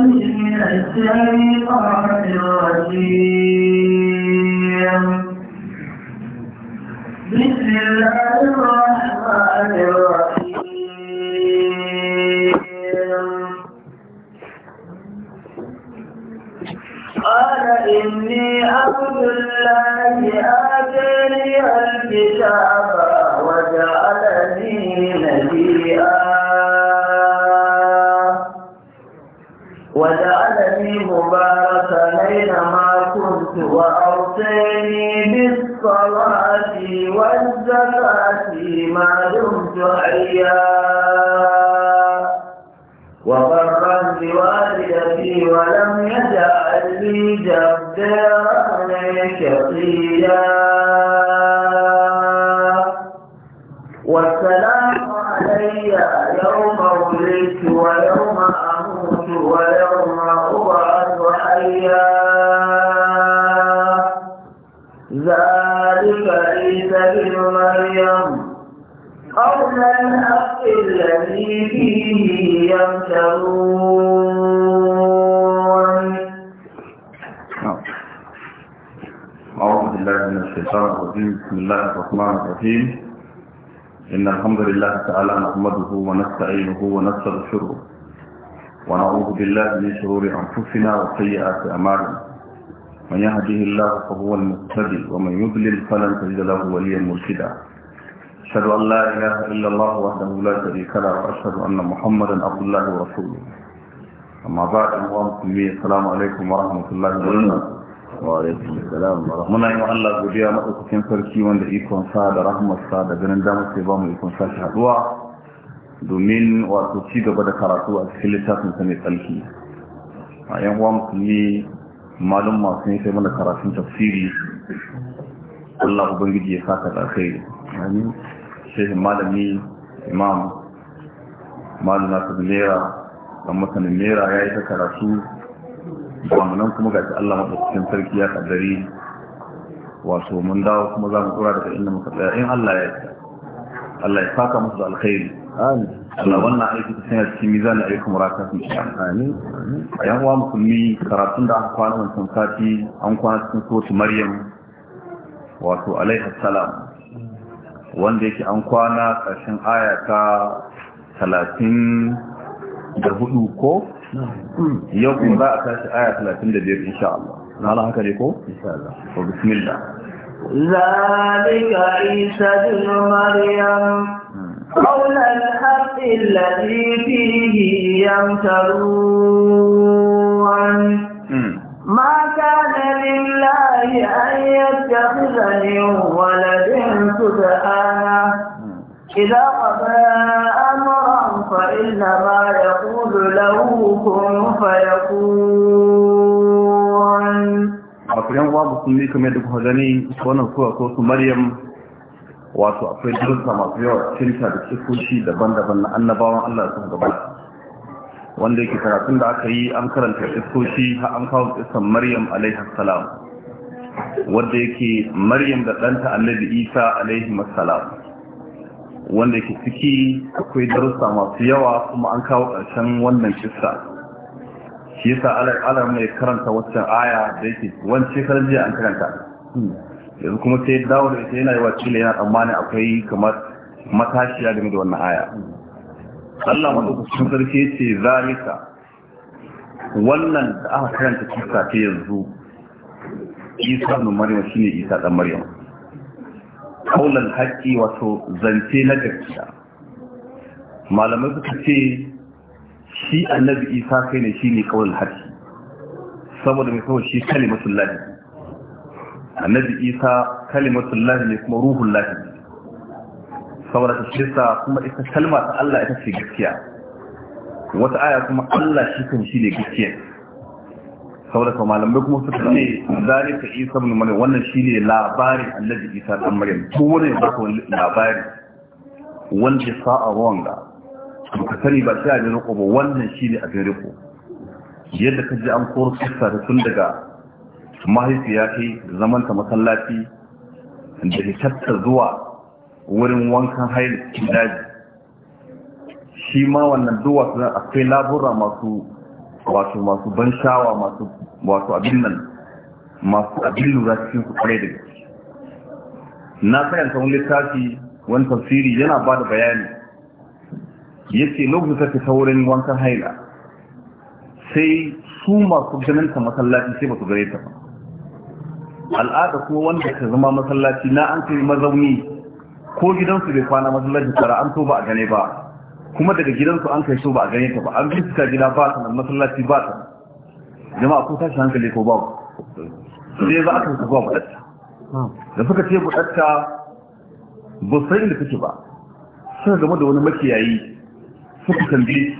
الله من الشيطان بسم الله الرحمن الرحيم قال إني عبد الله آتاني الكتاب وجعلني نبيا وجعلني مباركا اينما كنت واوصيني بالصلاه والزكاه ما دمت حيا وبرا بوالدتي ولم يجعل لي جبارا شقيا والسلام علي يوم ولدت ويوم أموت الذي فيه يمترون أعوذ بالله من الشيطان الرجيم بسم الله الرحمن الرحيم إن الحمد لله تعالى نحمده ونستعينه ونستغفره ونعوذ بالله من شرور أنفسنا وسيئات أعمالنا من يهده الله فهو المقتدي ومن يضلل فلن تجد له وليا مرشدا أشهد أن لا إله إلا الله وحده لا شريك له وأشهد أن محمدا عبد الله ورسوله أما بعد أيها السلام عليكم ورحمة الله وبركاته وعليكم السلام ورحمة الله منا الله godiya madaukakin sarki wanda ikon sa da rahmarsa da ganin damar sai ba mu ikon sa shi haduwa domin wato ci gaba da karatu a cikin littafin sa mai tsarki a yan uwa musulmi malum masu ne sai mana karatun tafsiri Allah ya saka da shehin malami imam malu nasu nera da mutanen nera ya yi ta karatu nan kuma ga Allah maɗaukacin sarki ya kaddari wato mun dawo kuma za mu tura daga inda muka tsaya in Allah ya yi Allah ya saka musu da alkhairi Allah wannan aiki ta sanya cikin da aikin muraka sun shi amfani a yan uwa musulmi karatun da aka kwana wancan sati an kwana cikin sotu maryam wato alaihi salam wanda yake an kwana ƙarshen aya ta talatin da hudu ko? yau kuma za a tashi aya talatin da biyar insha Allah na haka ne ko? insha Allah ko bismillah ذلك عيسى بن مريم قول الحق الذي فيه يمترون ما كان لله أن يتخذ من ولد سبحانه إذا قضى أمرا فإنما يقول له كن فيكون akwai yan uwa musulmi kamar yadda kuka gani wannan suwa ko su maryam wato akwai darussa masu yawa cinta da cikoshi daban-daban na annabawan allah sun gabata wanda yake karatun da aka yi an karanta iskoshi ha an kawo isan maryam alaihi salam wanda yake maryam da ɗanta annabi isa alaihi salam wanda yake ciki akwai darussa masu yawa kuma an kawo ƙarshen wannan kissa shi yasa alar mai karanta waccan aya da yake wani shekarar jiya an karanta yanzu kuma sai dawo da ita yana yi wa cile yana tsammanin akwai kamar matashiya game da wannan aya Allah maɗaukakin sarki ya ce zalika wannan da aka karanta kisa ta yanzu isa ibn maryam shine isa dan maryam kaulan haƙƙi wato zance na gaskiya malamai suka ce shi annabi isa kai ne shine kaulan haƙƙi saboda mai kawai shi kalimatul lahi annabi isa kalimatul lahi ne kuma ruhun lahi saboda ta shirka kuma ita kalma ta Allah ita ce gaskiya wata aya kuma Allah shi kan shi ne gaskiya saboda kuma malamai kuma suka ce zalika isa ibn maryam wannan shine labarin annabi isa dan maryam ko wani ba ko labari wanda sa'a wanga to ka sani ba sai a jira ko wannan shi ne a gare ku yadda ka ji an koro kissa tun daga mahaifiya kai zamanta masallaci da hitattar zuwa wurin wankan hayar cikin daji shi ma wannan duwatsu nan akwai labura masu wato masu ban shawa masu wato abin nan masu abin lura cikin su kwarai da gaske na karanta wani littafi wani tafsiri yana ba da bayani Ya ce lokacin ta fita wurin wankan haila sai su masu ganin ta masallaci sai ba su gare ta ba al'ada kuma wanda ta zama masallaci na an kai mazauni ko gidansu bai kwana masallacin tsara an to ba a gane ba kuma daga gidansu an kai so ba a gane ta ba an bincika gida ba ta nan masallaci ba ta jama'a ko tashi hankali ko babu sai za a kan zuwa buɗatta da suka ce buɗatta ba sai da take ba suka game da wani makiyayi suka tambaye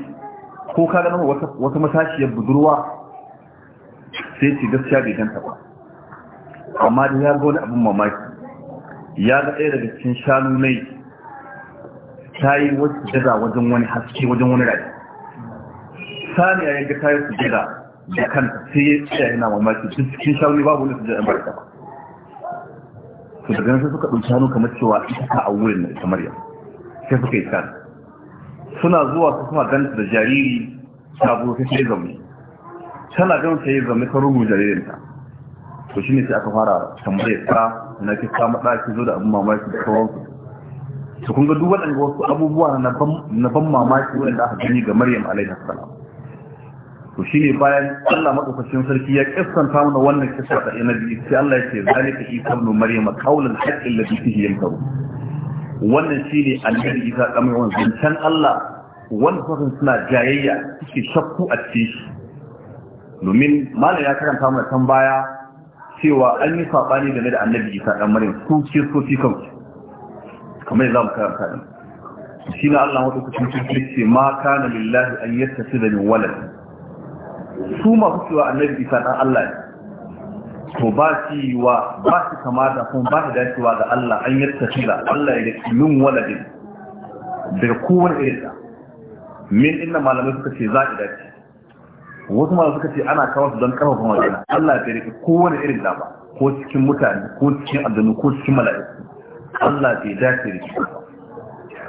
ko ka gama wata matashiyar budurwa sai ce gaskiya bai ganta ba amma da ya ga wani abin mamaki ya ga ɗaya daga cikin shanu mai ta yi wasu daga wajen wani haske wajen wani rai sani ya ga ta yi su daga da kan sai ya tsaya yana mamaki duk cikin shanu ne babu wani su daga barka ba su daga nan sai suka ɗauki hannu kamar cewa ita ta a wurin da ita maryam sai suka yi sani suna zuwa su kuma ganta da jariri ta zo sai ta yi zaune tana ganta yi zaune ta rubu jaririnta to shi ne sai aka fara tambayar ta na ke samu ɗaki zo da abin mamaki da sauransu to kun ga duk waɗanda wasu abubuwa na ban mamaki waɗanda aka gani ga maryam alaihi salam to shi ne bayan Allah maɗaukacin sarki ya kissanta mana wannan kissa da biyu sai Allah ya ce ka isa ibn maryam a qawlan da alladhi fihi karu. wannan shi ne annabi isa kamar wannan zancan Allah wanda kusan suna jayayya suke shakku a cikin shi domin malam ya karanta mana can baya cewa an yi saɓani game da annabi isa ɗan maryam su kiristoci kansu kamar yadda mu karanta ɗin shi na allah wadda kucin cikin ce ma kana lillahi an yadda su da min walad su masu cewa annabi isa ɗan allah ne to ba shi wa ba shi kamata kuma ba shi dacewa ga allah an yadda su da allah ya da min waladin daga kowane irin da min inda malamai suka ce za ki dace wasu ma suka ce ana kawo su don karfafa magana Allah ya tsere kowane irin dama ko cikin mutane ko cikin addanu ko cikin mala'iku Allah ya dace da shi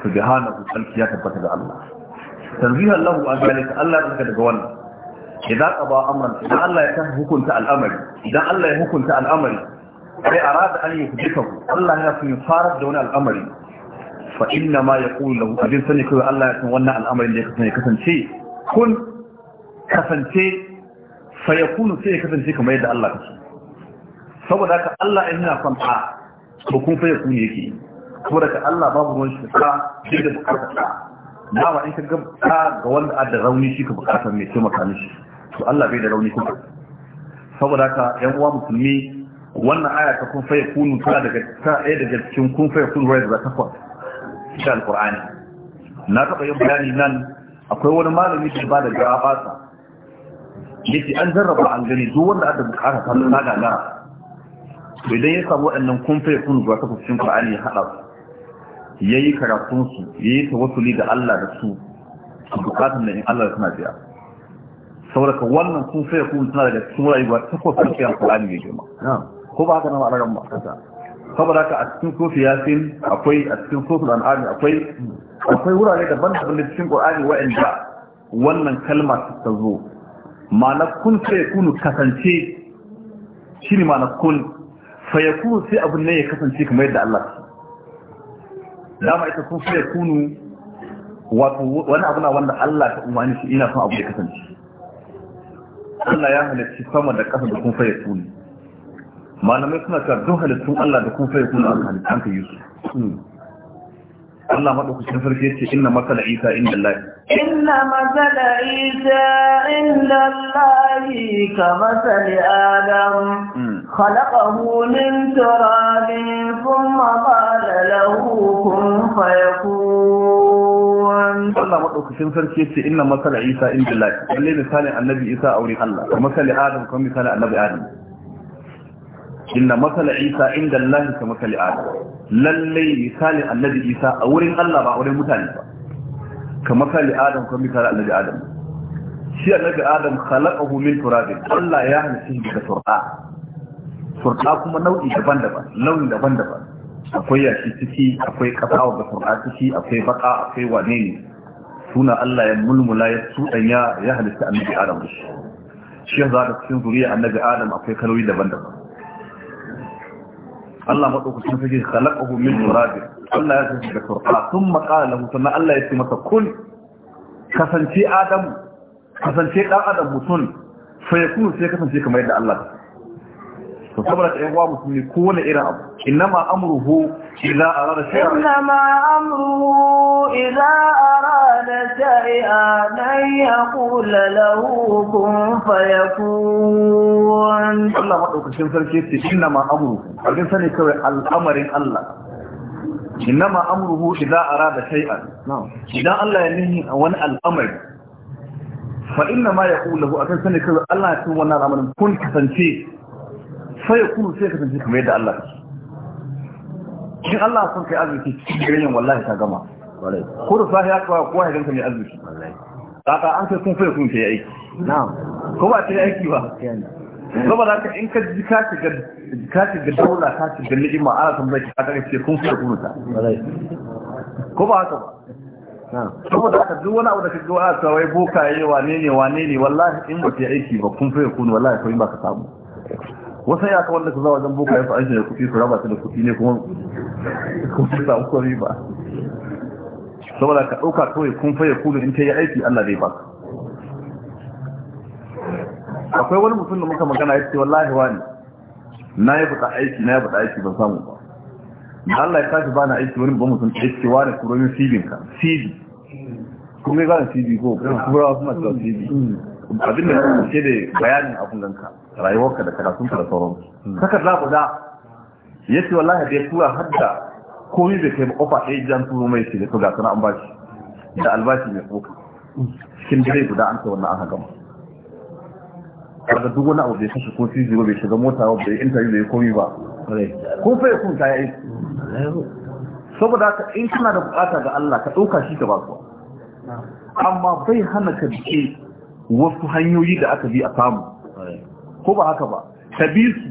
su bi hana su tsarki ya tabbata da Allah tanzihu Allah an zalika Allah ya tsaka daga wannan idan qaba amran idan Allah ya tafi hukunta al'amari idan Allah ya hukunta al'amari sai arada an yi kudika Allah ya fi fara da wani al'amari fa inna ma yaqulu lahu abin sani kawai Allah ya san wannan al'amarin da ya kasance kun kasance fayakunu sai ya kasance kamar yadda Allah kasu saboda haka Allah in yana son ta to kun fayakunu yake saboda haka Allah babu ruwan shi ka shi da bukatar ka na ba in ka ga ta ga wanda a da rauni shi ka bukatar mai taimaka mishi to Allah bai da rauni kuma saboda haka yan uwa musulmi wannan aya ta kun fayakunu tana daga ta ɗaya daga cikin kun fayakunu wanda za ta kwa cikin alkur'ani na taɓa yin bayani nan akwai wani malami da ba da gaba yake an jarraba an gani duk wanda aka bukata ta na gagara to idan ya samu waɗannan kun fa yakun zuwa ta fuskacin Qur'ani ya haɗa su yayi karatun su yayi tawassuli ga Allah da su bukatun da in Allah suna biya saboda ka wannan kun fa yakun suna daga cikin rayuwa ta fuskacin Qur'ani ne girma ko ba haka na ma'anar ba saboda ka a cikin sofi yasin akwai a cikin sofi al'ami akwai akwai wurare daban-daban da cikin Qur'ani wa'anda wannan kalma ta zo ma'ana kun sai kunu kasance shi ne ma'ana kun kunu sai abin nan ya kasance kamar yadda Allah ce dama ita kun fayakunu wato wani abu na wanda Allah ta umarni shi ina son abu ya kasance Allah ya halarci sama da ƙasa da kun fayakunu malamai suna ta don halittun Allah da kun kunu a halittun ka yi su hmm. Allah madaukakin sarki yace inna matsala Isa inda Allah inna matsala Isa inda Allah ka masali Adam hmm. khalaqahu min turabin thumma qala lahu kun fayakun Allah madaukakin sarki yace inna matsala Isa inda Allah lalle misalin annabi Isa a wurin Allah kuma misali Adam kuma misali annabi Adam inna masala isa inda Allah ka masali adam lalle misalin annabi isa a wurin Allah ba a wurin mutane ba ka masali adam ko misali annabi adam shi annabi adam khalaqahu min turabin Allah ya halice shi daga turba turba kuma nau'i daban-daban nau'i daban-daban akwai yashi ciki akwai kasawa wa turba ciki akwai baka akwai wane ne suna Allah ya mulmula ya tudanya ya halitta annabi adam shi shi za ka cikin zuriya annabi adam akwai kaloli daban-daban Allah madaukakin sarki khalaqahu min turab Allah ya tafi da turba thumma qala lahu sannan Allah ya ce masa kun kasance adam kasance dan adam mutum fa yakunu sai kasance kamar yadda Allah da saboda ɗan ne ko wani irin abu innama amruhu idza arada shay'an innama amruhu idza arada shay'an an yaqula lahu kun fayakun Allah madaukakin sarki ce innama amruhu abin sani kawai al'amarin Allah innama amruhu idza arada shay'an idan Allah ya nihi wani al'amari fa inna yaqulu akan sani kawai Allah ya ce wannan al'amarin kun kasance sai kuma sai ka tafi kamar yadda Allah shi Allah sun kai arziki cikin ganyen wallahi ta gama ko da ya kuwa kowa ya ganka mai arziki kaka an sai kun sai kun sai aiki ko ba ta aiki ba ko ba za ka in ka ji ka shiga ka shiga daula ka shiga ni'ima ana san bai ka ga kun sai kun ta ko ba haka ba saboda haka duk wani abu da kaga wa ta wai bokaye wane ne wane ne wallahi in ba ta aiki ba kun sai kun wallahi ko in ba ka samu wasu ya kawo da su zawa wajen boka ya fi aiki da kuɗi su raba su da kuɗi ne kuma kuma samu kwari ba saboda ka ɗauka kawai kun faye kudu in ta yi aiki Allah zai ba. akwai wani mutum da muka magana ya ce wallahi wani na yi buɗa aiki na yi buɗa aiki ban samu ba da Allah ya tafi ba na aiki wani ba mutum ya ce wani kurorin filin ka fili kuma ya abin da nan ce da bayanin abin Rayuwar rayuwarka da karatun da sauran hmm. saka za ku da yace wallahi da tura hadda komai da kai ba ofa ɗaya jan turo mai ce da to ga sana an bashi da albashi mai tsoka cikin dare guda an ta wannan aka gama daga duk wani abu da ya kashe ko fizi ba bai shiga mota ba bai intanet bai komi ba ko fa kun ta yi saboda ka in kana da bukata ga Allah ka ɗauka shi ka ba su amma bai hana ka dike wasu hanyoyi da aka bi a samu ko ba haka ba ka bi su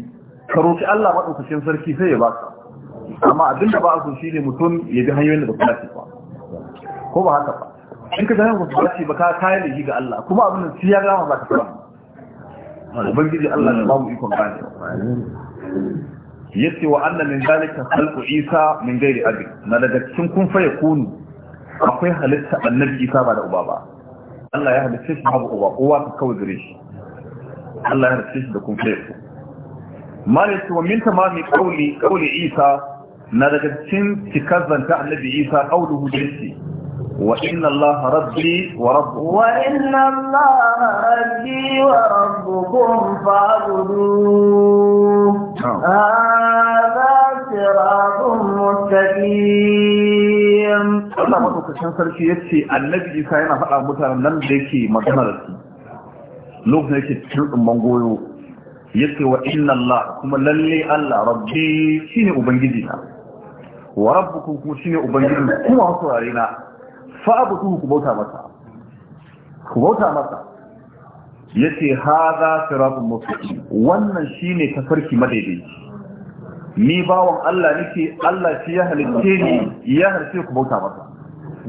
ka roƙi Allah maɗaukacin sarki sai ya ba ka amma abinda ba a so ne mutum ya bi hanyoyin da ba su dace ba ko ba haka ba in ka zama wasu su dace ba ka kayan da ga Allah kuma abin da su ya gama ba ka samu ubangiji Allah ya ba ikon ikon gane yace wa anna min zalika khalqu Isa min ghairi abin. na daga cikin kun fa yakunu akwai halitta annabi Isa ba da uba ba الله يهدف فيش بعض قوات الكوز ريش الله يهدف فيش بكم فيه ما ليس ومن تمامي قولي قولي عيسى نادك تسين تكذن تعلي عيسى قوله جنسي وإن الله ربي ورب وإن الله ربي وربكم فاعبدوه نعم. هذا صراط مستقيم bayan Allah madaukakin sarki ya ce annabi Isa yana faɗa mutanen nan da yake magana da su lokacin yake cikin tsumban goyo ya ce wa inna Allah kuma lalle Allah rabbi shine ubangiji na wa rabbukum kuma shine ubangiji kuma wasu rare na fa abudu ku bauta masa ku bauta masa Ya za su siratun mustaqim wannan shine tafarki madaidaici ni bawan Allah nake Allah shi ya halitte ni ya halitte ku bauta masa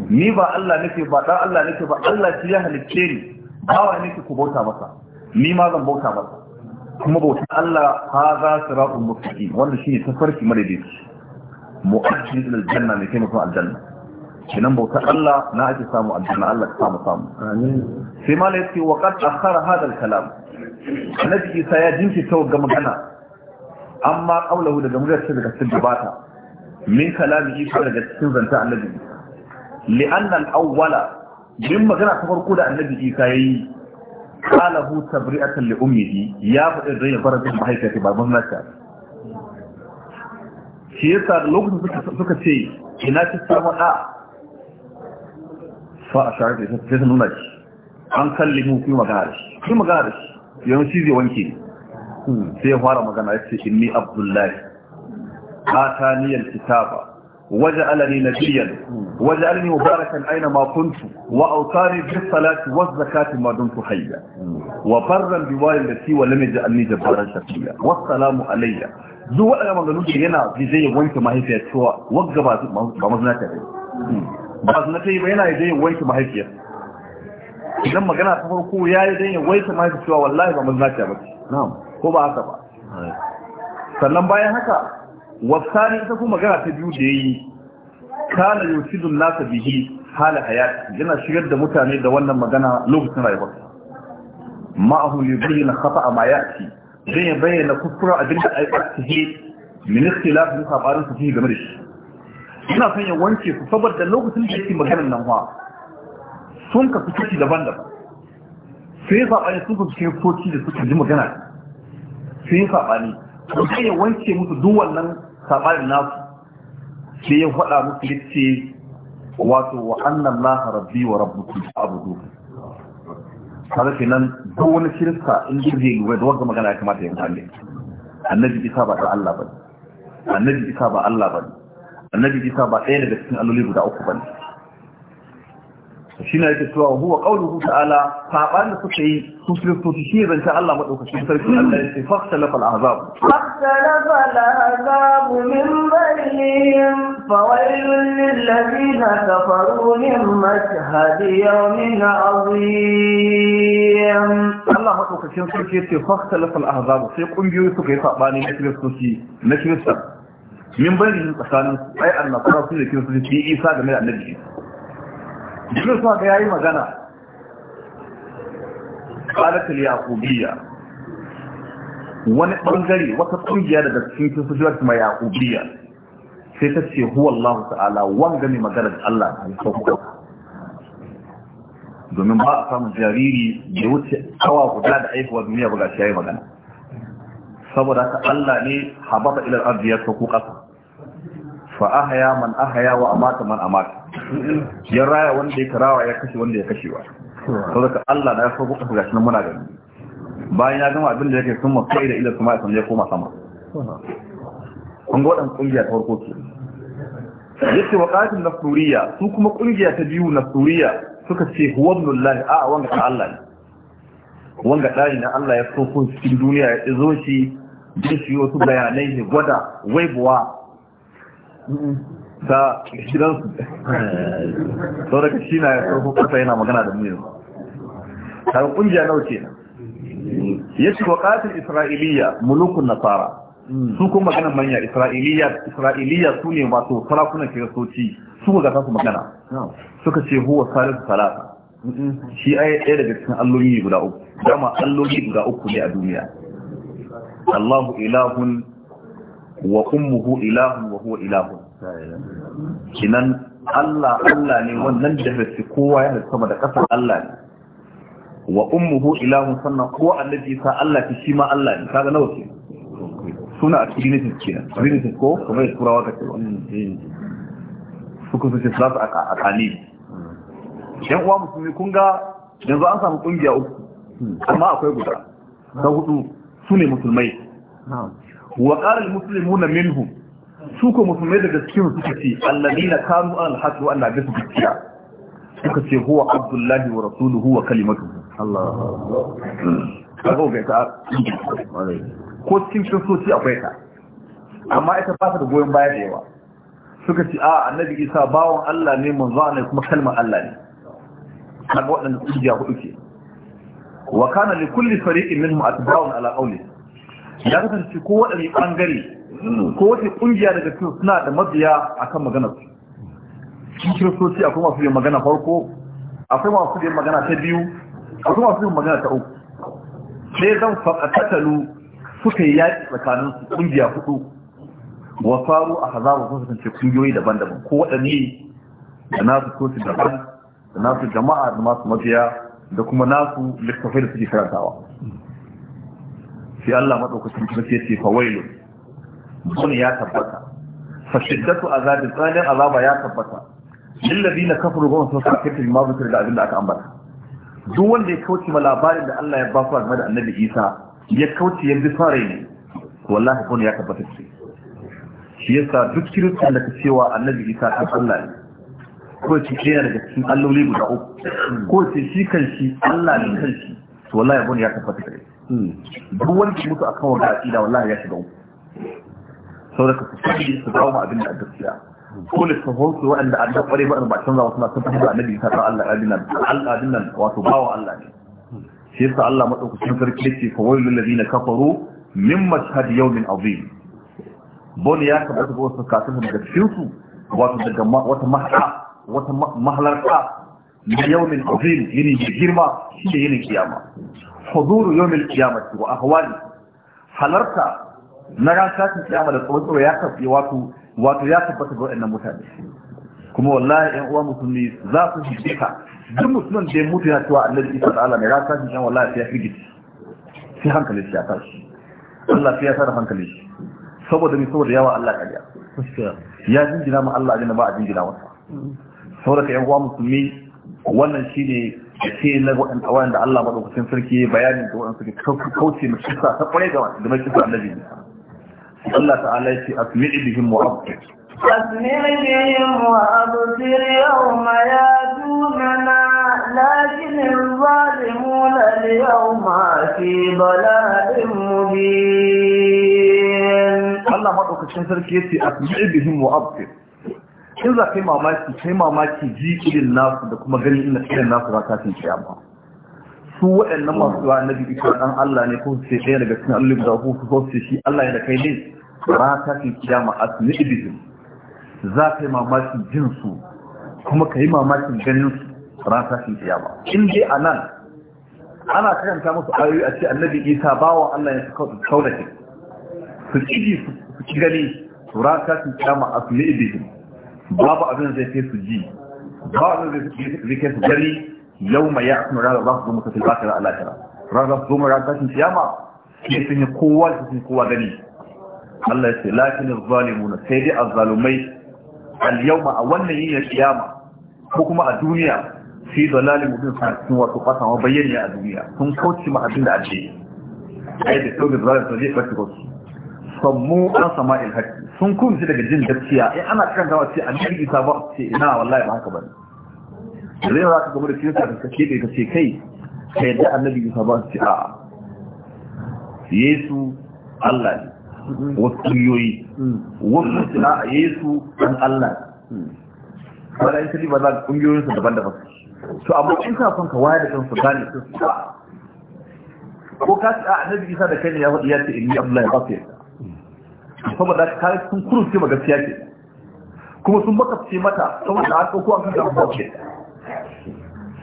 ni ba Allah nake ba dan Allah nake ba Allah shi ya halitte ni bawa nake ku bauta masa ni ma zan bauta masa kuma bauta Allah ha za su raƙun mutaki wanda shi ne tafarki madaidaici mu'ajjin ila aljanna ne kai aljanna kenan bauta Allah na ake samu aljanna Allah ta samu samu sai ma la yake wa qad akhara hada al-kalam annabi Isa ya jinki ta ga magana amma qaulahu daga murar daga cikin gabata min kalami isa daga cikin zanta annabi li anna al-awwala min magana ta farko da annabi isa yayi qalahu tabri'atan li ummihi ya faɗi da ya fara da mahaifiyarsa baban nasa shi yasa lokacin suka ce ina ki samu da fa a shahar da sai ta nuna shi an kalli ku kuma magana da shi kuma magana da shi yanzu shi zai wanke sai ya fara magana ya ce inni abdullahi ataniyal kitaba وجعلني نبيا وجعلني مباركا اينما كنت واوصاني بالصلاه والزكاه ما دمت حيا وبرا بوالدتي ولم يجعلني جبارا شقيا والسلام علي duk waɗanda maganin da yana zai wanke mahaifiyar cewa wagga ba mazuna ta rai ba zuna ta yi ba yana zai wanke mahaifiyar idan magana ta farko ya yi don ya wanke mahaifiyar cewa wallahi ba mazuna ta ba ko ba haka ba sannan bayan haka wasani ita kuma magana ta biyu da yayi kana yusidun nasa bihi hala hayati yana shigar da mutane da wannan magana lokacin rayuwarsa ma'ahu yubayyin khata'a ma ya'ti zai ya bayyana kuskura abinda ai tsaki min ikhtilaf min sabarin su game da shi ina son ya wanke su saboda lokacin da yake maganar nan fa sun ka fitoci daban-daban sai saɓani sun ka fitoci da suka ji magana su yi saɓani to sai ya wanke musu duk wannan saɓanin nasu sai ya faɗa musu ya wato wa annan laha rabbi wa rabbukum abudu kaga nan duk wani shirka in jirgi yi lura da wanda magana ya kamata ya mutane annabi isa ba ta Allah bane annabi isa ba Allah bane annabi isa ba ɗaya daga cikin alloli guda uku ne shine na yake cewa huwa qauluhu ta'ala saban da suka yi su kiristoci shi zan ta Allah madaukakin sarki Allah ya ce fakhtalafa al-ahzab fakhtalafa al-ahzab min bainihim fawailul lil ladina kafaru min mashhad yawmin azim Allah madaukakin sarki ya ce fakhtalafa al-ahzab sai kungiyoyi suka yi sabani na kiristoci na kiristan min bainihim tsakanin ai annabawa su da kiristoci isa game da annabi jibril sa ga yayi magana qalatul yaqubiyya wani bangare wata kungiya daga cikin sojojin ma yaqubiyya sai ta ce huwa Allah ta'ala wanga ne magana Allah ne domin ba a samun jariri da wuce kawa guda da aihuwa duniya ba ga shi yayi magana saboda ka Allah ne habata ila al-ardi ya kasa fa ahya man ahya wa amata man amata ya raya wanda ya karawa ya kashe wanda ya kashewa sau daga Allah na ya so kasu gashi nan muna gani bayan ya gama abin da yake sun masu da ilar sun ya koma sama kun ga waɗanda ƙungiya ta farko Ya ce wa qatil su kuma ƙungiya ta biyu nasturiya suka ce huwa ibnullah a wanga ta Allah ne wanga ɗari na Allah ya so kun cikin duniya ya zo shi jin shi wasu bayanai ne gwada waibuwa ta gidansu sau daga shi na tsohon kasa yana magana da muyin har kungiya na wuce ya ci wa isra'iliya mulukun nasara su kuma magana manya isra'iliya isra'iliya su ne masu sarakunan kiristoci su ga su magana suka ce huwa salisu salata shi ai ɗaya daga cikin alloli guda uku dama alloli guda uku ne a duniya Allahu ilahun wa ummuhu ilahun wa huwa ilahun kinan Allah Allah ne wannan da haske kowa ya sama da ƙasar Allah ne wa ummuhu ilahun sannan ko annabi sa Allah ki shi ma Allah ne kaga nawa ke suna a trinity kenan trinity ko kuma ya turawa ka cewa suka suke salatu a kani yan uwa musulmi kun ga yanzu an samu kungiya uku amma akwai guda ta hudu su ne musulmai wa qala al-muslimuna minhum su ko musulmai daga cikin suka ce alladina kanu al haqq wa annabi su gaskiya suka ce huwa abdullahi wa rasuluhu wa kalimatu. Allah kago ga ta ko cikin sosoci akwai ta amma ita ba ta da goyon baya da yawa suka ce a annabi isa bawon Allah ne manzo ne kuma kalmar Allah ne kaga waɗanda kungiya hudu ke wa kana li kulli fariqin minhum atba'un ala qawlihi ya kasance ko waɗanne ɓangare ko wace ƙungiya daga cikin suna da mabiya a kan maganar su cikin kiristoci akwai masu yin magana farko akwai masu yin magana ta biyu akwai masu yin magana ta uku sai zan tattalu suka yi yaƙi tsakanin su ƙungiya hudu wa faru a hazabu sun kasance ƙungiyoyi daban-daban ko waɗanne da nasu soci daban da nasu jama'a da masu mabiya da kuma nasu littafai da suke karantawa sai Allah madaukakin sarki yace fa wailu dun ya tabbata fa shiddatu azabi tsalin azaba ya tabbata lil ladina kafaru wa sun sa kitin ma da abin da aka ambata duk wanda ya kauce ma labarin da Allah ya ba su game da Annabi Isa ya kauce ya bi fare ne wallahi dun ya tabbata shi shi yasa duk kiristan da ka cewa Annabi Isa kan Allah ne ko ce yana daga cikin alloli guda uku ko ce shi kan shi Allah ne kan shi to wallahi dun ya tabbata shi duk wani ki mutu akan wani aqida wallahi ya shiga uku saboda ka fuskanci su dawo ma abin da a gaskiya dole su hosu waɗanda an da ƙware ba a canza wasu na sun fahimta annabi ta ta Allah adina al'adin nan wato bawa Allah ne shi yasa Allah madaukakin sarki yake fa wailul na kafaru min mashhad yawmin azim bon ya ka bata wasu kafin daga cikin su wato daga wata mahla wata mahalarta min yawmin azim yini girma shi ne yini kiyama huzuru yawmil qiyamati wa ahwali halarta na ran satin kiyama da tsoro ya wato ya tabbata ga wannan mutane kuma wallahi ɗan uwa musulmi za su shige ka duk musulmin da ya mutu yana cewa annabi isa da Allah mai ya firgici sai hankali ya tashi ya sa hankali saboda ya ma Allah ba a yan uwa musulmi wannan shine ce na waɗanda Allah maɗaukacin sarki bayanin da waɗanda suke kauce mai kisa ta ƙwarai ga da mai kisa annabi Allah ta'ala ya ce asmi'i bihim wa abdir asmi'i bihim wa abdir yawma yadunana lakin zalimuna yawma fi dalalin mubin Allah maɗaukacin sarki ya ce asmi'i bihim wa abdir in za ka yi mamaki kai mamaki ji irin nasu da kuma ganin inda irin nasu za ka fi kiyama su waɗannan masu zuwa na bibi kan an Allah ne ko sai ɗaya daga cikin Allah da ku ko sai shi Allah ya da kai ne ba ka cin kiyama a su ni'ibizin za ka yi mamaki jin su kuma ka yi mamakin ganin su ran ka fi kiyama in dai a nan ana karanta musu ayoyi a ce annabi isa bawan Allah ya su kaunace su ci su ci gani ra ka fi kiyama a su babu abin zai kai su ji ba abin zai kai su gari yau mai ya asinu rana za su zo mutu fil bakira Allah tara rana za su zo mu rana tashin kiyama sai sun yi kowa da sun kowa gani Allah ya ce lakin zalimuna sai dai azzalumai al yawma a wannan yin ya kiyama ko kuma a duniya fi dalalin mutum suna cikin wato fata ma bayyana a duniya sun kauce ma abin da A ai da sau da zalim sai dai ɓarci kwasu sammu ɗan sama ilhaki sun kumshi daga jin gaskiya in eh, ana kan gawa ce annabi isa sabon ce ina wallahi ba haka ne zai za ka gaba da kirista da kake ka ce kai ka yadda annabi isa sabon ce a yesu Allah ne wasu yoyi wasu suna a yesu an Allah ne wala yin kadi ba za ka kungiyoyin su daban-daban to amma in ka son ka wayar da kansu gane su ko ka ce a annabi isa da kai ne ya faɗi ya ce la abdullahi ba yadda. saboda ka sun kuruce ma gaskiya ce kuma sun makafce mata saboda an ɗauko an kan da ke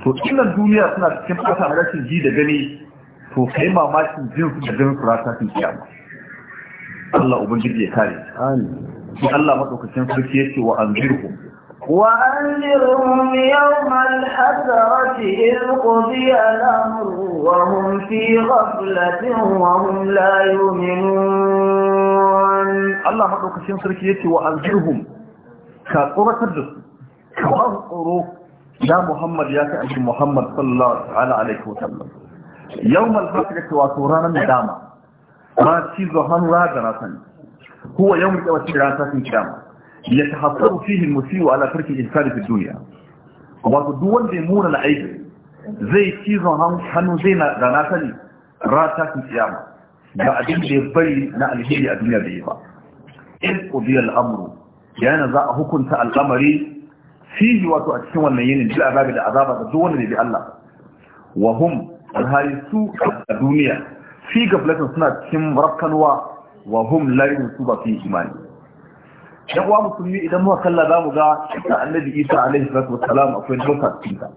to kinan duniya suna cikin fata rashin ji da gani to kai mamakin jin su da ganin su rata sun kiyama Allah ubangiji ya kare amin Allah madaukakin sarki yake wa anzirhum وأنذرهم يوم الحسرة إذ قضي الأمر وهم في غفلة وهم لا يؤمنون sannan Allah maɗaukacin sarki ya ce wa aljihun ka tsoratar da su ka ba su tsoro ya Muhammad ya kai ajin Muhammad sallallahu alaihi wa sallam yau malfasa ya ce wato ranar nadama ma cizo hannu raga na sani kuwa yau mu kyawa cikin ranar sasin kiyama ya ta hasaru fihin musiwa ala farkin insani fi duniya wato duk wanda ya muna na aiki zai cizon hannu zai na da sani ranar sasin kiyama da abin da ya bari na alheri a duniya da yi ba in ƙudiyar al'amuru yana za a hukunta al'amari fiye wato a cikin wannan yinin bil azabi da azaba da duk wanda ne bi Allah wa hum alhali su a duniya fi gaflatin suna cikin rafkanuwa wa hum la yusu ba fi imani dan uwa musulmi idan muka kalla za mu ga da annabi Isa alaihi salatu wassalam akwai doka cikin ta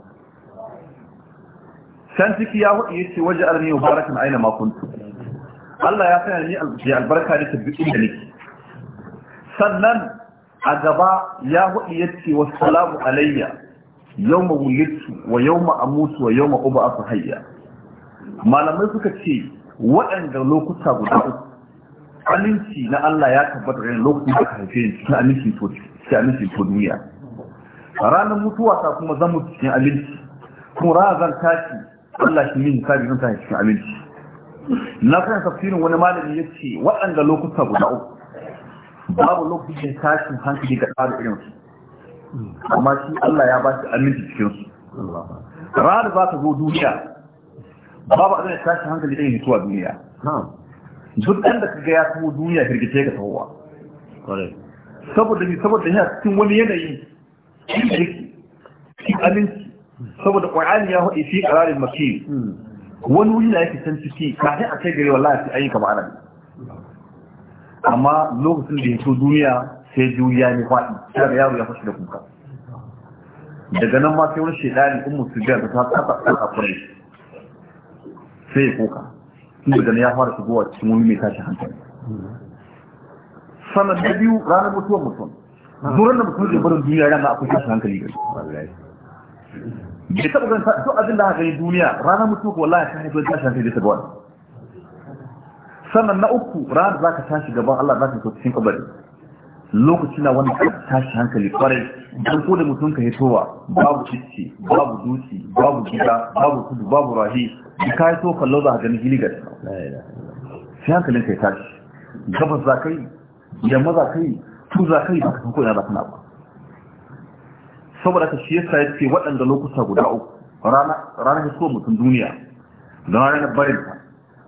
san ciki ya hudu yace waje arni mubarakan aina ma kuntu Allah ya sanya ni albarka da tabbitin da nake sannan a gaba ya hudu ya ce wasu salamu alayya yau ma wulittu wa yau ma amusu wa yau ma uba aka hayya malamai suka ce waɗanda lokuta guda uku aminci na Allah ya tabbatar yin lokacin da haife ni cikin aminci to cikin aminci to duniya ranar mutuwa ta kuma zan mutu cikin aminci kuma ranar zan tashi Allah shi min hisabi zan tashi cikin aminci na kan tafsirin wani malami ya ce waɗanda lokuta guda uku babu lokacin tashin hankali ga tsarin irin su amma shi Allah ya ba shi aminci cikin su rana za ta zo duniya babu a zai tashin hankali ɗaya hituwa duniya duk ɗan da kaga ya taho duniya firgice ga tawowa saboda ni saboda yana cikin wani yanayi cikin aminci saboda ƙwarani ya haɗe fi ƙararin makin hmm. wani wuri da yake can ciki kafin a kai gari wallahi sai ayyuka yi kama amma lokacin da ya so duniya sai duniya ne faɗi sai da yaro ya fashe da kuka daga nan ma sai wani shaidani in mutu biya da ta kasa a kwarai sai ya kuka. tun daga nan ya fara shigowa cikin wani mai tashi hankali sanar da biyu ranar mutuwar mutum zuwan da mutum zai barin duniya ranar akwai tashi hankali gari bai taɓa gan sa duk abin da aka yi duniya ranar mutuwa wallahi ta haifar ta da ta sannan na uku ranar za ka tashi gaban Allah za ka so cikin kabari lokaci na wanda ka tashi hankali kwarai don ko da mutum ka hitowa babu cici babu dutse babu gida babu kudu babu rahi da ka so kallo za ka gani hiligar sai hankalin ka ya tashi gabas za ka yi yamma za ka yi tu za ka yi ba ka san ko ina za ka na ba saboda ka shi yasa yace waɗanda lokuta guda uku rana ranar hisko mutum duniya da ranar barin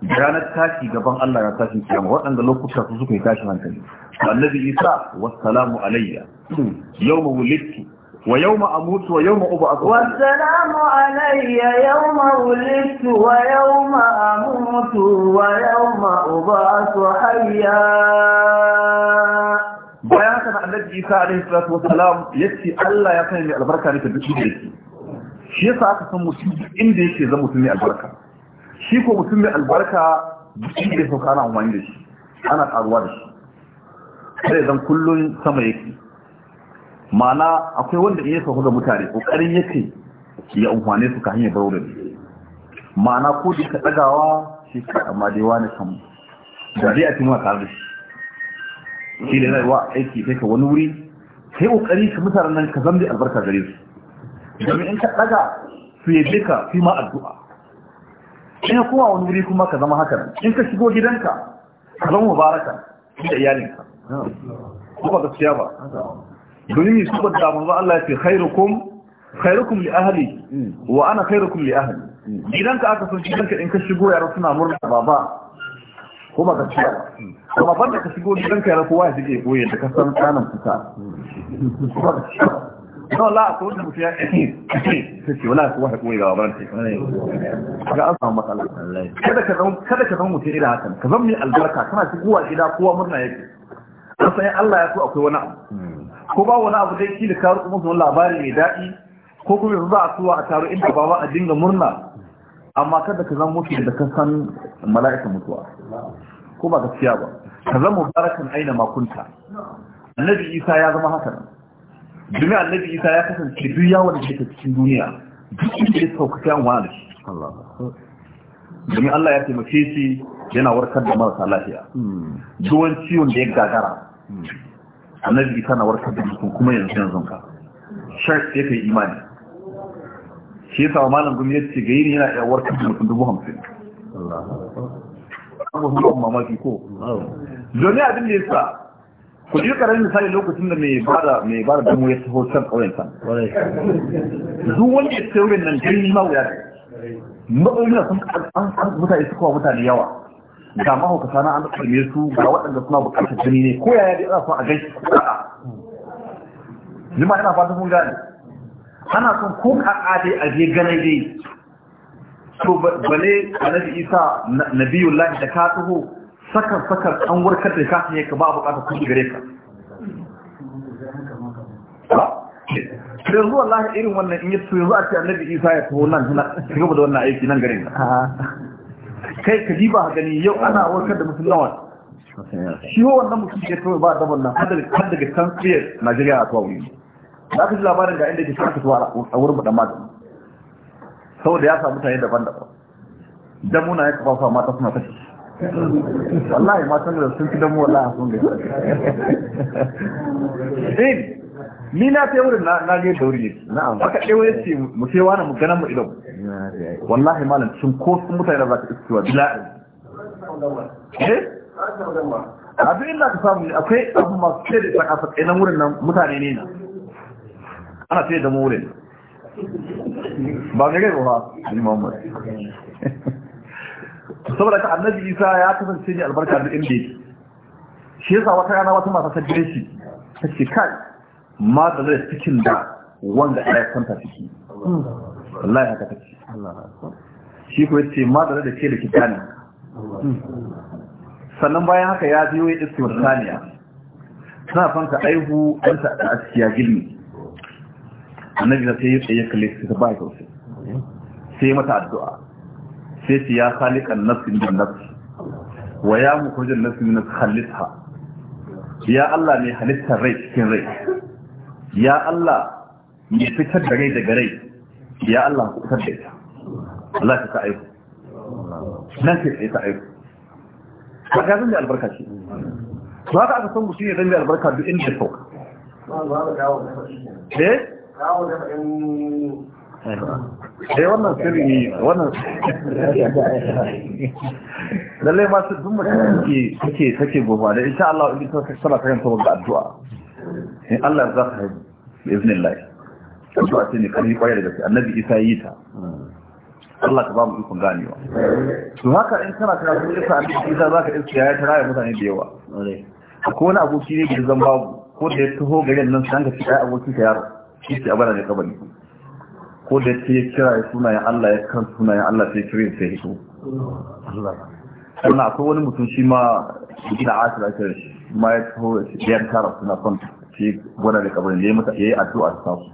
ta ranar tashi gaban Allah ya tashi kiyama waɗanda lokuta su suka yi tashi hankali annabi isa wa Salamu alayya yawma wulidtu ويوم أموت ويوم أبعث والسلام علي يوم ولدت ويوم أموت ويوم أبعث حيا bayan haka na annabi isa alaihi salatu ya yace Allah ya sanya mai albarka ne ta duk inda yake shi yasa aka san mutum inda yake zama mutum mai albarka shi ko mutum mai albarka duk inda ya sauka ana amfani da shi ana karuwa da shi sai zan kullun sama yake ma'ana akwai wanda iya sauka ga mutane kokarin yake ya amfane su ka hanyar baro da ma'ana ko da ka dagawa shi ka amma dai wani kan da zai a cikin wata da shi ne wa aiki kai ka wani wuri kai kokari ka mutanen nan ka zambi albarka gare su domin in ka daga su yabe ka fi ma addu'a in ka koma wani wuri kuma ka zama haka in ka shigo gidanka ka zama mubaraka da iyalinka ko ba gaskiya ba domin su ba da manzo Allah ya ce khairukum khairukum li ahli wa ana khairukum li ahli gidanka aka so gidanka in ka shigo yaro suna murna baba Kuma ba gaskiya kuma banda ka shigo gidan ka na kowa ya shige koyi da ka san kanan fita Kuma la ko da mutum ya ce wala ko wata koyi ga baran ce ga an samu matsala kada ka zama kada ka zama mutum da hakan ka zama mai albarka kana shigowa gida kowa murna ya ke. an san Allah ya so akwai wani abu ko ba wani abu dai kila ka rubuta musu labari mai daɗi ko kuma yanzu za a tuwa a taro inda ba ba a dinga murna amma kada ka zama mafi da ka san mala'ikan mutuwa ko ba gaskiya ba ka zama barakan aina makunta annabi isa ya zama haka nan domin annabi isa ya kasance duk yawon da ke cikin duniya duk inda ya sauka ta wani domin Allah ya taimake shi yana warkar da marasa lafiya duwan ciwon da ya gagara annabi isa na warkar da mutum kuma yanzu yanzu ka shart ya kai imani shi yasa malam gumi yace gairi yana iya warkar da mutum dubu hamsin Allah Allah mamaki ko don ya dinne sa, ku ji karamin misali lokacin da mai bada mai bada damu ya taho can kauyen kan duk wanda ya tsaye nan gani ma wuya matsalolin sun an mutane su kawo mutane yawa ga mahaukata na an karbe su ga waɗanda suna bukatar jini ne ko yaya dai ana so a gaishe su ni ma ina fata mun gane ana son ko kaka dai a je ganai dai to bale annabi isa nabiyullahi da ka taho saka-sakar an warkar da ka ne ka ba bukatar kudi gare ka yanzu wallahi irin wannan in yato yanzu a ce annabi isa ya taho nan Kana gaba da wannan aiki nan garin kai ka diba gani yau ana warkar da musulman shi wannan mutum ya taho ba da wannan har daga can tsayar najeriya a tuwa wuri za ka ji labarin ga inda ke sa fitowa a wurin buɗe magani da ya samu mutane daban-daban damuna ya kafa mata suna tafi wallahi matan da sun fi damu wallahi sun da din ni na ta wurin na ne da wuri na'am aka ɗewa ya ce mu ce wani mu gana mu idan wallahi malam sun ko sun mutane da za ka iskewa bila'in eh abin da ka samu akwai abu masu ce da ta kasa eh, wurin nan mutane ne na ana ce da mure ba gare ba ba muhammad saboda ka annabi isa ya kasance ne albarka da inda yake shi yasa wata rana wata mata ta shi ta ce kai ma da zai cikin da wanda ya kwanta ciki wallahi haka ta ce shi ko yace ma da zai ce da kitani sannan bayan haka ya biyo ya iske wata saniya tana son aihu ɗanta a cikin gilmi annabi na sai ya tsaye kalle su ta bai tausayi sai mata addu'a sai ce ya khaliqan nafsi min nafsi wa ya mukhrijan nafsi min khalitha ya Allah ne halitta rai cikin rai ya Allah ne fitar da rai daga rai ya Allah ku fitar da ita Allah ka aiko nan sai ta aiko kaga zan da albarka ce to haka aka san mutum ya zan da albarka duk inda ya sauka eh sai eh, wannan sirri wannan lallai masu duk mutum suke take suke gobe da insha Allah in ta sala ta kanta ga addu'a in Allah za ka haihu bi iznillah addu'a ce ne yi kwaya daga annabi Isa yi ta Allah ka ba mu ikon ganewa to haka in kana karatu Isa annabi Isa za ka iska ya ta raya mutane da yawa akwai wani aboki ne da zan babu ko da ya taho garin nan sai ka fi abokin ka yaro shi sai abana da kabari ko da ke kira ya sunayen Allah ya kan sunayen Allah sai kirin sai hito Allah akwai wani mutum shi ma da asir ake shi ma ya taho ya tara suna son shi gwada da kabarin ya mata ya yi a ta samu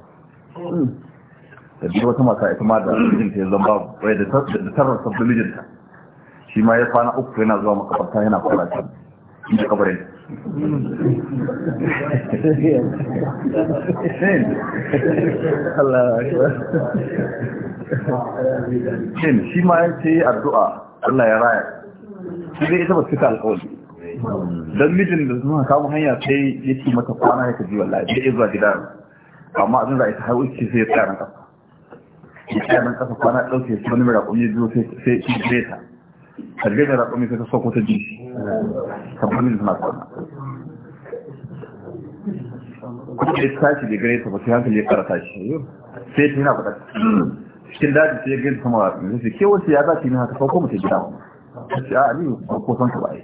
da biyu wata mata ita ma da mijinta ya zama wai da tarar sabbin mijinta shi ma ya kwana uku yana zuwa makabarta yana kwana can inda kabarin shin shi ma ya ce addu'a Allah ya raya shi zai ita ba suka alƙawari don mijin da suna kawo hanya sai ya ce mata kwana ya kaji wallahi da ya zuwa gida amma abin da ita haihu ce sai ya tsaya nan ƙasa ya tsaya nan ƙasa kwana ɗauke su wani mara ƙunyi biyu sai ya ta karbe da raƙumi sai ta sauko ta ji kamfanin suna kwana kuma ya tashi da gare ta ba hankali ya kara tashi sai ta yana faɗa cikin daji sai ya gani sama raƙumi sai ce ke wasu ya za ki yi haka sauko mu ta gida ba ta ce a ni ba ko san ka ba yi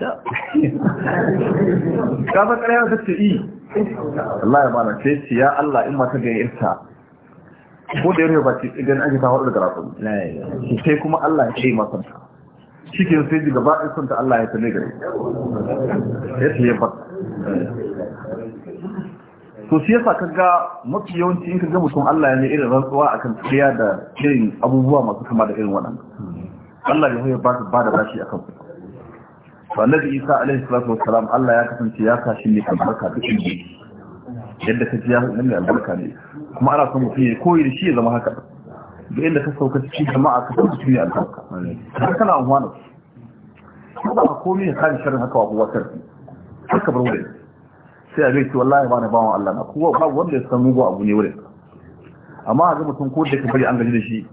ka san ta ce yi Allah ya mana ce ya Allah in mata ga irta ko da yau ba ce idan an ta hudu da rafin sai kuma Allah ya ce masa shi ke sai ji gaba ɗin ta Allah ya ta ne gare ya ce ya bata to shi yasa kaga mafi yawanci in kaga mutum Allah ya ne irin rantsuwa akan tsiriya da irin abubuwa masu kama da irin waɗanda Allah ya hoye ba da bashi akan su to annabi isa alaihi salatu wassalam Allah ya kasance ya kashi ne albarka duk inda yadda ka ji ya hudu ne albarka ne kuma ana son mutum ya koyi da shi ya zama haka duk inda ka sauka cikin jama'a ka sauka cikin albarka har kana amfana ko ba komai ya kare sharrin haka wa kowa sarki har ka bar wurin sai a bai ce wallahi ba na bawan Allah na kowa ba wanda ya san mugu abu ne wurin amma a ga mutum ko da ka bari an gaji da shi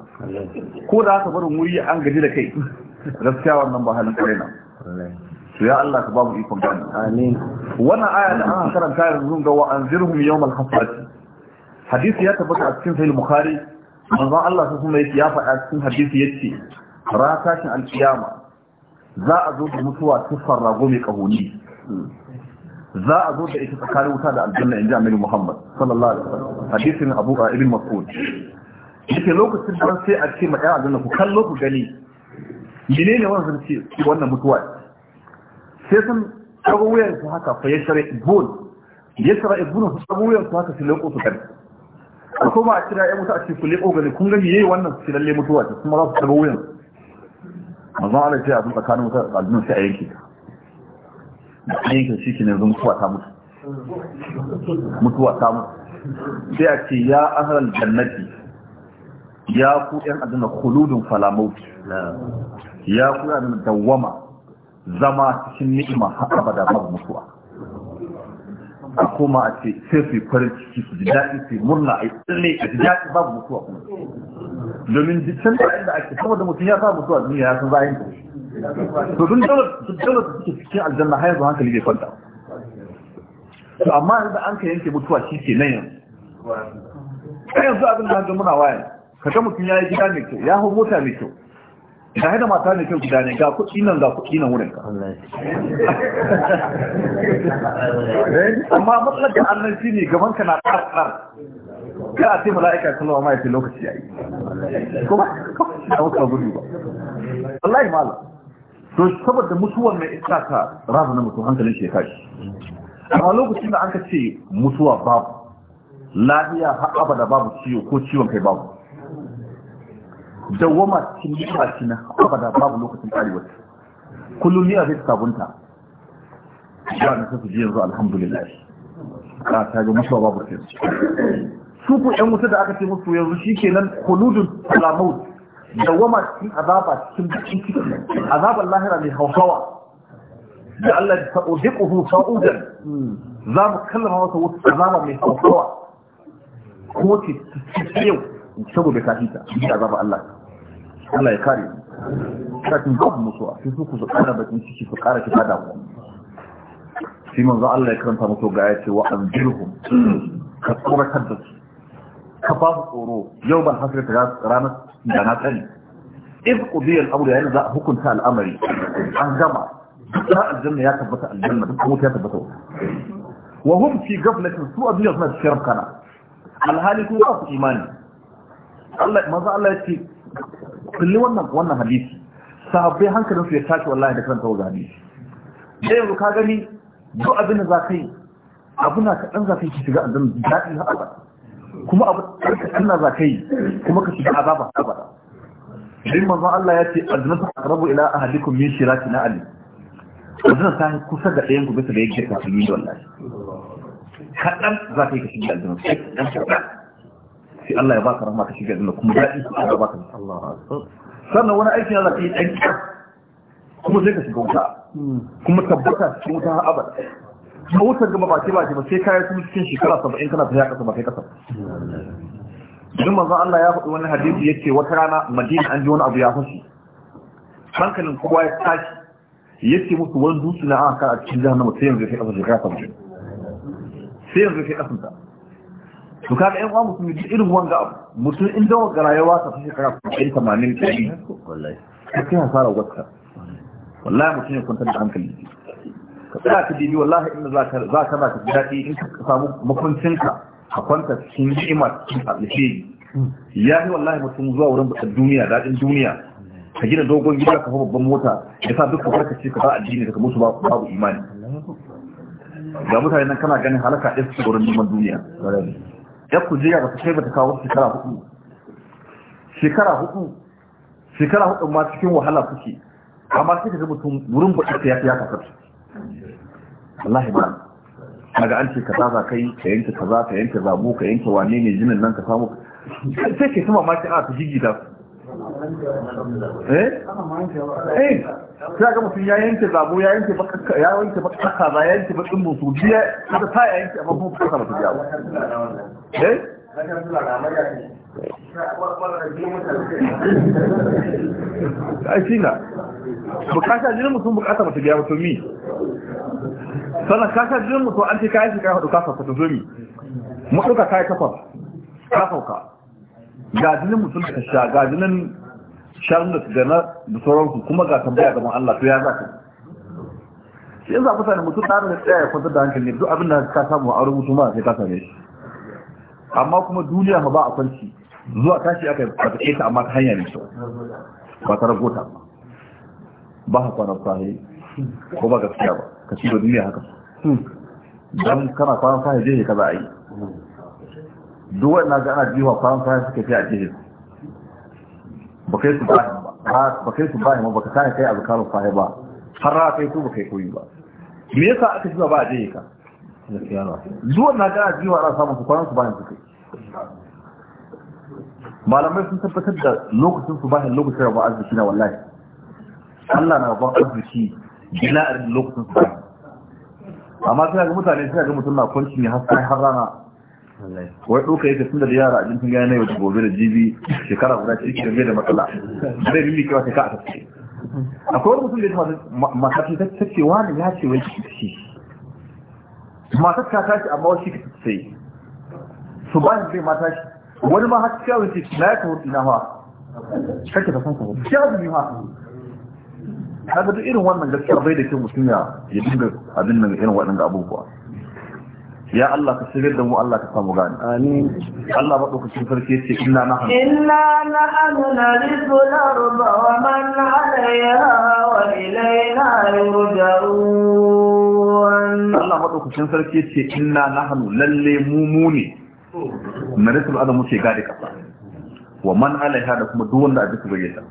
ko da aka barin wuri an gaji da kai gaskiya wannan ba halin kare na to ya Allah ka babu ikon gani amin wannan aya da aka karanta yanzu ga wa anzirhum yawmal hasati hadisi ya tabbata a cikin sahih bukhari manzon Allah sai kuma ya faɗa cikin hadisi yace ra tashin alkiyama za a zo da mutuwa tufar rago mai kahoni za a zo da ita tsakanin wuta da aljanna inji annabi Muhammad sallallahu alaihi wasallam hadisin Abu Ibn Mas'ud yake lokacin da sai a ce ma ɗan aljanna ku kallo ku gani menene wannan zance wannan mutuwa sai sun ɗago wuyansu haka fa ya shara ibun ya shara ibun su ɗago wuyansu haka su leƙo su gani a kuma a kira ‘yan wuta a cikin kulle leƙo kun gani yayi wannan su lalle mutuwa ta kuma za su ɗago wuyansu mazan ala ce abin tsakanin wuta da aljinu sai a yanke ta a yanke shi ke ne yanzu mutuwa ta mutu mutuwa ta mutu sai a ce ya ahalar jannati ya ku ‘yan adana kuludun falamauti ya ku ‘yan adana dawwama zama cikin ni'ima haka ba da babu mutuwa a koma a ce sai su yi farin ciki su ji daɗi su yi murna a yi tsalle a ji daɗi babu mutuwa kuma domin jikin da inda ake saboda mutum ya sa mutuwa duniya ya san zayin to sun dole su suke cikin aljanna har yanzu hankali bai kwanta to amma yanzu an ka yanke mutuwa shi ke nan yanzu yanzu abin da muna waya ga mutum ya yi gida mai kyau ya hau mota mai kyau ga haida mata ne kai gida ne ga kuɗi nan ga kuɗi nan wurin ka eh, amma matsalar da annan shi ne gaban ka na ƙarƙar ka a ce mala'ika sun lawa mai lokaci ya yi kuma a wata gudu ba wallahi mala to saboda mutuwar mai isa ka rabu na mutum hankalin shi ya kashi amma lokacin da an ka ce mutuwa babu lafiya har abada babu ciwo ko ciwon kai babu dawwama cikin ni'ima ce na abada babu lokacin karewa kullum a zai sabunta ya na su ji yanzu alhamdulillah ka ta ga mutuwa babu sai su ku yan wuta da aka ce musu yanzu nan kuludun salamut dawwama cikin azaba cikin bakin ciki lahira mai hauhawa da Allah ta udiquhu sa'udan za mu kallama wata wasu azaba mai hauhawa ko ce yau saboda ka hita, shi zaba Allah Allah ya kare kafin babu mutuwa sai su ku su kara bakin ciki su kara ki da ku shi manzo Allah ya karanta musu ga yace wa anzirhum ka tsoratar da su ka ba su tsoro yau ban hasira ta ranar da na tsani in qudiyal amru yana za a hukunta al'amari an gama za aljanna ya tabbata aljanna duk kuma ya tabbata wa hum fi ghaflatin su abiya suna cikin kana alhali kuma ba su imani Allah manzo Allah ya ce kulli wannan wannan hadisi sahabbai hankalin su ya tashi wallahi da kan tawaga hadisi dai yanzu ka gani duk abin da za ka yi abu na kaɗan za ka yi ki shiga azan daɗi har abada kuma abu ɗarka Allah za ka yi kuma ka shiga azaba har abada manzo Allah ya ce ta aqrabu ila ahadikum min shirati na ali azinatu ta kusa ga ɗayan ku bisa da yake ka yi wallahi kaɗan za ka yi ka shiga azan sai sai Allah ya baka rahama ka shiga aljanna kuma daɗi su Allah baka Allah sannan wani aiki na zaka yi ɗan kira kuma sai ka shiga wuta hmm. kuma tabbata cikin wuta har abada kuma wutar gaba ba ce ba ce ba sai kayan sun cikin shekara saba'in kana tafiya ƙasa ba kai ƙasa duk manzo Allah ya faɗi wani hadisi yake wata rana Madina an ji wani abu ya fashi hankalin kowa ya tashi yake musu wani dutse na aka a cikin jahannama sai yanzu sai ƙasa sai yanzu sai sai yanzu fi ƙasa to kaga yan uwa musulmi duk irin wanga abu mutum in dawo ga rayuwa ta fi shekara kuma kuɗin tamanin ɗari wallahi ka kai hasara wata wallahi mutum ya kwantar da hankali ka tsaya ka dibi wallahi in za ka za ka ji daɗi in ka samu makwancinka a kwanta cikin ni'ima cikin alheri ya fi wallahi mutum zuwa wurin bakar duniya daɗin duniya ka gina dogon gida ka babban mota ya sa duk ka ce ka ba addini daga mutu babu imani ga mutane nan kana ganin halaka ɗin su wurin neman duniya ya kujera ba ta sai ba ta kawo shekara hudu shekara hudu shekara hudu ma cikin wahala suke, amma sai ka ga mutum wurin ba ita ya kasar wallahi ba Naga an ce kaza za kai ka yanke kaza ka yanke zabo ka yanke wane ne jinin nan ka samu sai ke sama ma ki a ta su eh eh sai ga mutum ya yanke zabo ya yanke bakka ya yanke bakka ba ya yanke bakin musu biya kada ta yanke amma kuma kuka mutum ya eh ai shi na bukata jinin mutum bukata mutum ya mutum mi sannan kasa jinin mutum an ce kayan shi kayan hudu kasa ta zo mi mu ɗauka kayan kafa kafauka ga jinin mutum da sha ga jinin da na da sauransu kuma ga tambaya gaban Allah to ya za ka shi yasa mutane mutum da da tsaya ya kwantar da hankali duk abin da ka samu a rubutu ma sai ka same shi amma kuma duniya ma ba a kwanci zuwa tashi aka yi ta ta amma ta hanya ne kyau ba ta ragota ba ba ha kwanar sahi ko ba gaskiya ba ka ci da duniya haka hmm. don kana kwanar sahi zai kaza a yi duk na ga ana jiwa faran faran suka fi a jihar ba kai su bayan ba ba ka sani kai a zakarun fahe ba har ra kai su ba kai koyi ba me yasa aka jiwa ba a jihin ka duk na ga ana jiwa ana samun su faran su bayan su kai malamai sun tabbatar da lokacin su bayan lokacin rabon arziki na wallahi Allah na rabon arziki gina a lokacin su bayan amma suna ga mutane suna ga mutum na kwanci ne har rana wai ɗauka yake sun da yara a jinsin gane yau da gobe da jibi shekara guda ce ke da matsala zai bi kewa ta ka a tafi akwai wani mutum da ya mata ta ta ce wani ya ce wai ki shi mata ta tashi amma wasu ka tafi su ba zai mata shi wani ma haka kyawun ce na ya kawo ina ma kake ta san ka wani kyawun ne ma kaga duk irin wannan gaskiya bai da kyau mutum ya dinga abin nan irin waɗanda abubuwa ya Allah ka shigar da mu Allah ka samu gani amin Allah madaukakin sarki yace inna na inna nahnu narithul arda wa man 'alayha wa ilayna yurja'un Allah madaukakin sarki yace inna nahnu lalle mu mu ne narithul arda ce gadi kasa wa man 'alayha da kuma duk wanda a bisa bayyana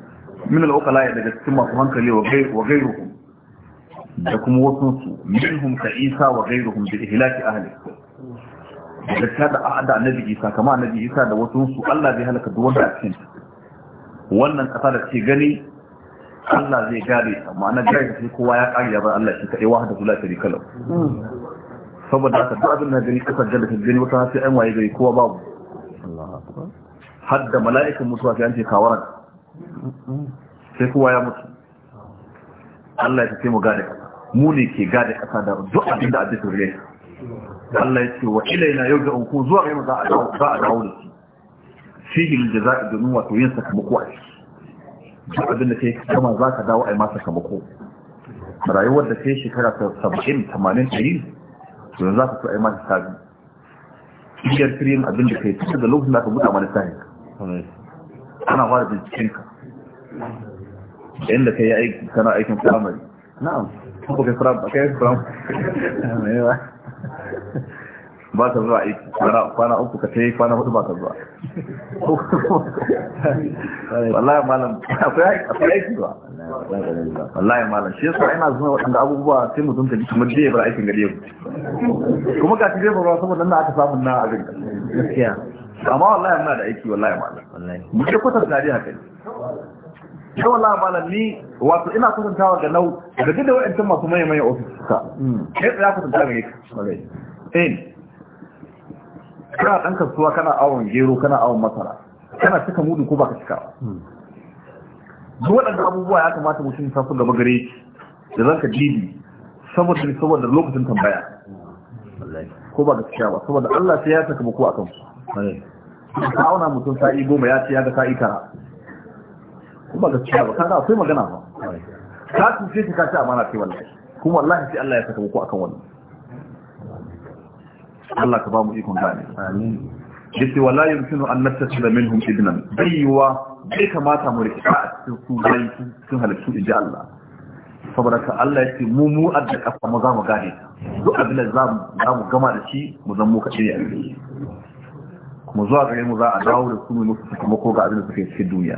min al-uqala daga cikin masu hankali wa gairuhum da kuma wasu su minhum ka isa wa ghayruhum bi ihlaki ahli da ta da ahada annabi isa kama annabi isa da wasu su Allah zai halaka duk wanda a cikin wannan kasa da ce gani Allah zai gare ta ma'ana gare ta sai kowa ya kare ya bar Allah shi kadai wahda kula ta kala. saboda haka duk abin da gani kasa da ta gani wata sai an waye gari kowa babu Hadda mala'ikan mutuwa sai an ce kawaran sai kowa ya mutu Allah ya ce mu gane kasa mu ne ke gada kasa da duk abin da abin turle da Allah ya ce wa ilaina yau da unku zuwa ga za a dawo da shi za jaza'i domin wato yin sakamako a shi. duk abin da kai kama za ka dawo a yi ma sakamako rayuwar da kai shekara saba'in tamanin ɗari yanzu za ka so a yi ma sabi kiyar firin abin da kai tun da lokacin da ka buɗa mana sahi ana fara bincikenka inda kai ya aiki kana aikin firamare na'am ko kai fara ba kai fara ba ta zuwa aiki kwana uku ka sai kwana hudu ba ta zuwa wallahi malam akwai aiki ba wallahi malam shi yasa ina zuwa waɗanda abubuwa sai mutum ta ji kamar da ya bar aikin gare ku kuma ga cikin ruwa saboda nan aka samu na abin gaskiya amma wallahi muna da aiki wallahi malam wallahi mu ke kwatar tare haka ne sai labaran ni wato ina kusantawa ga nau da duk da wa'ancan masu maye maye ofis suka kai tsaya kusanta ga yake eh kana ɗan kasuwa kana awon gero kana awon masara kana cika mudu ko baka cika hmm. duk waɗanda abubuwa ya kamata mutum ta su gaba gare da zan ka dibi saboda saboda lokacin tambaya ko ba gaskiya ba saboda Allah sai ya saka muku akan su ka auna mutum sa'i goma ya ce ya ga sa'i tara kuma gaskiya ba kaga akwai magana ba ka tuce shi ka ci amana ce wallahi kuma wallahi sai Allah ya saka muku akan wannan Allah ka ba mu ikon gane amin yace wala yumkinu an nattasila minhum ibnan baywa bai kamata mu rika a cikin su bai sun halittu inji Allah saboda ka Allah yace mu mu adda kafa mu za mu gane duk abin da za mu za mu gama da shi mu zan mu kace a kuma zuwa gare mu za a dawo da su mu musu sakamako ga abin da suke cikin duniya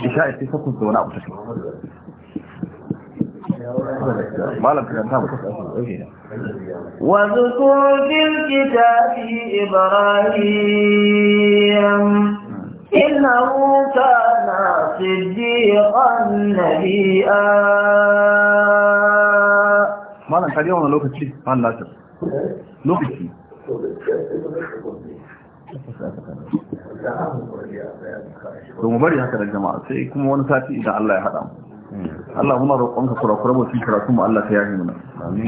isha ita sakun da abu take malam karanta mu kasa oke na wa kitabi ibrahim innahu kana siddiqan nabiyya malam kare wannan lokaci an lokaci to mu bari haka da jama'a sai kuma wani sati idan Allah ya haɗa mu Allah muna roƙonka kurakuran mu cikin karatu mu Allah ta yahi muna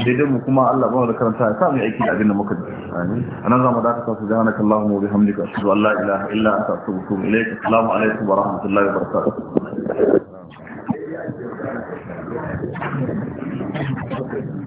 daidai mu kuma Allah ba da karanta ya sa mu aiki da abin da muka ji anan zamu da ka su jana kallahu wa bihamdika ashhadu an la ilaha illa anta astaghfiruka wa ilayka assalamu alaikum wa rahmatullahi wa barakatuh